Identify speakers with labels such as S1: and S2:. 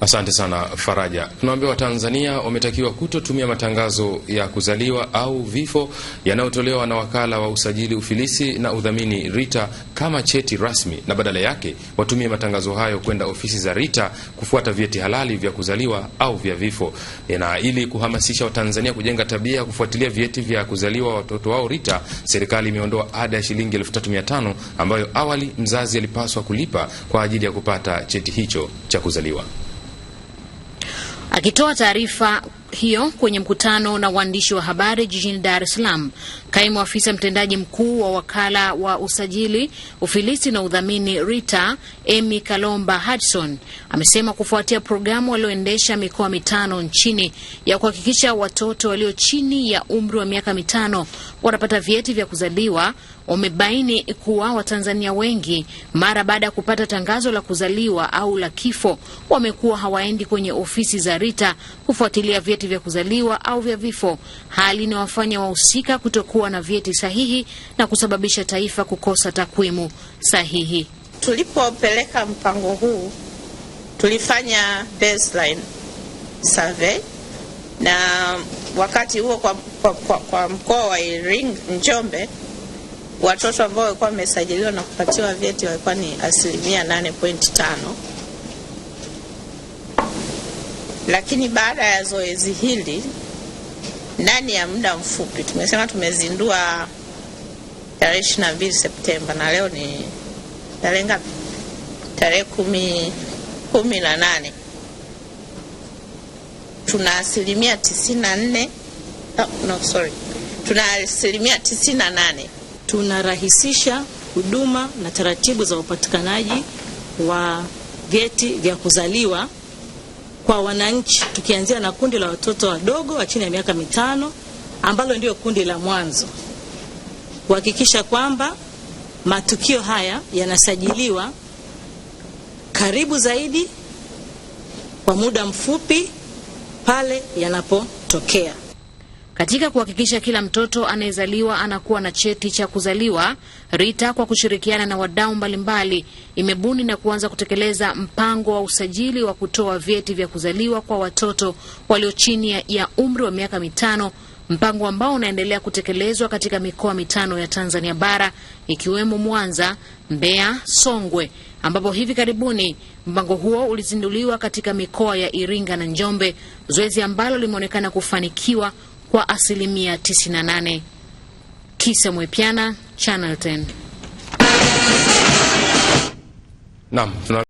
S1: Asante sana Faraja. tunawambia Watanzania wametakiwa kutotumia matangazo ya kuzaliwa au vifo yanayotolewa na wakala wa usajili ufilisi na udhamini RITA kama cheti rasmi, na badala yake watumie matangazo hayo kwenda ofisi za RITA kufuata vyeti halali vya kuzaliwa au vya vifo. Na ili kuhamasisha Watanzania kujenga tabia ya kufuatilia vyeti vya kuzaliwa watoto wao RITA, serikali imeondoa ada ya shilingi elfu ambayo awali mzazi alipaswa kulipa kwa ajili ya kupata cheti hicho cha kuzaliwa.
S2: Akitoa taarifa hiyo kwenye mkutano na waandishi wa habari jijini Dar es Salaam, kaimu afisa mtendaji mkuu wa wakala wa usajili, ufilisi na udhamini RITA, Emy Kalomba Hudson, amesema kufuatia programu walioendesha mikoa mitano nchini ya kuhakikisha watoto walio chini ya umri wa miaka mitano wanapata vyeti vya kuzaliwa wamebaini kuwa Watanzania wengi mara baada ya kupata tangazo la kuzaliwa au la kifo wamekuwa hawaendi kwenye ofisi za RITA kufuatilia vyeti vya kuzaliwa au vya vifo, hali inawafanya wahusika kutokuwa na vyeti sahihi na kusababisha taifa kukosa takwimu sahihi.
S3: Tulipopeleka mpango huu tulifanya baseline survey na wakati huo kwa, kwa, kwa, kwa mkoa wa Iringa, Njombe, watoto ambao walikuwa wamesajiliwa na kupatiwa vyeti walikuwa ni asilimia 8.5, lakini baada ya zoezi hili ndani ya muda mfupi tumesema tumezindua tarehe 22 Septemba na leo ni tarehe ngapi? Tarehe kumi, kumi na nane tuna asilimia tisini na nne oh, no, sorry, tuna asilimia tisini na nane.
S4: Tunarahisisha huduma na taratibu za upatikanaji wa vyeti vya kuzaliwa kwa wananchi, tukianzia na kundi la watoto wadogo wa chini ya miaka mitano ambalo ndio kundi la mwanzo, kuhakikisha kwamba matukio haya yanasajiliwa karibu zaidi kwa muda mfupi pale yanapotokea.
S2: Katika kuhakikisha kila mtoto anayezaliwa anakuwa na cheti cha kuzaliwa, RITA kwa kushirikiana na wadau mbalimbali imebuni na kuanza kutekeleza mpango wa usajili wa kutoa vyeti vya kuzaliwa kwa watoto walio chini ya umri wa miaka mitano mpango ambao unaendelea kutekelezwa katika mikoa mitano ya Tanzania bara ikiwemo Mwanza, Mbeya, Songwe ambapo hivi karibuni mpango huo ulizinduliwa katika mikoa ya Iringa na Njombe, zoezi ambalo limeonekana kufanikiwa kwa asilimia 98. Kisa Mwepiana, Channel 10. Naam.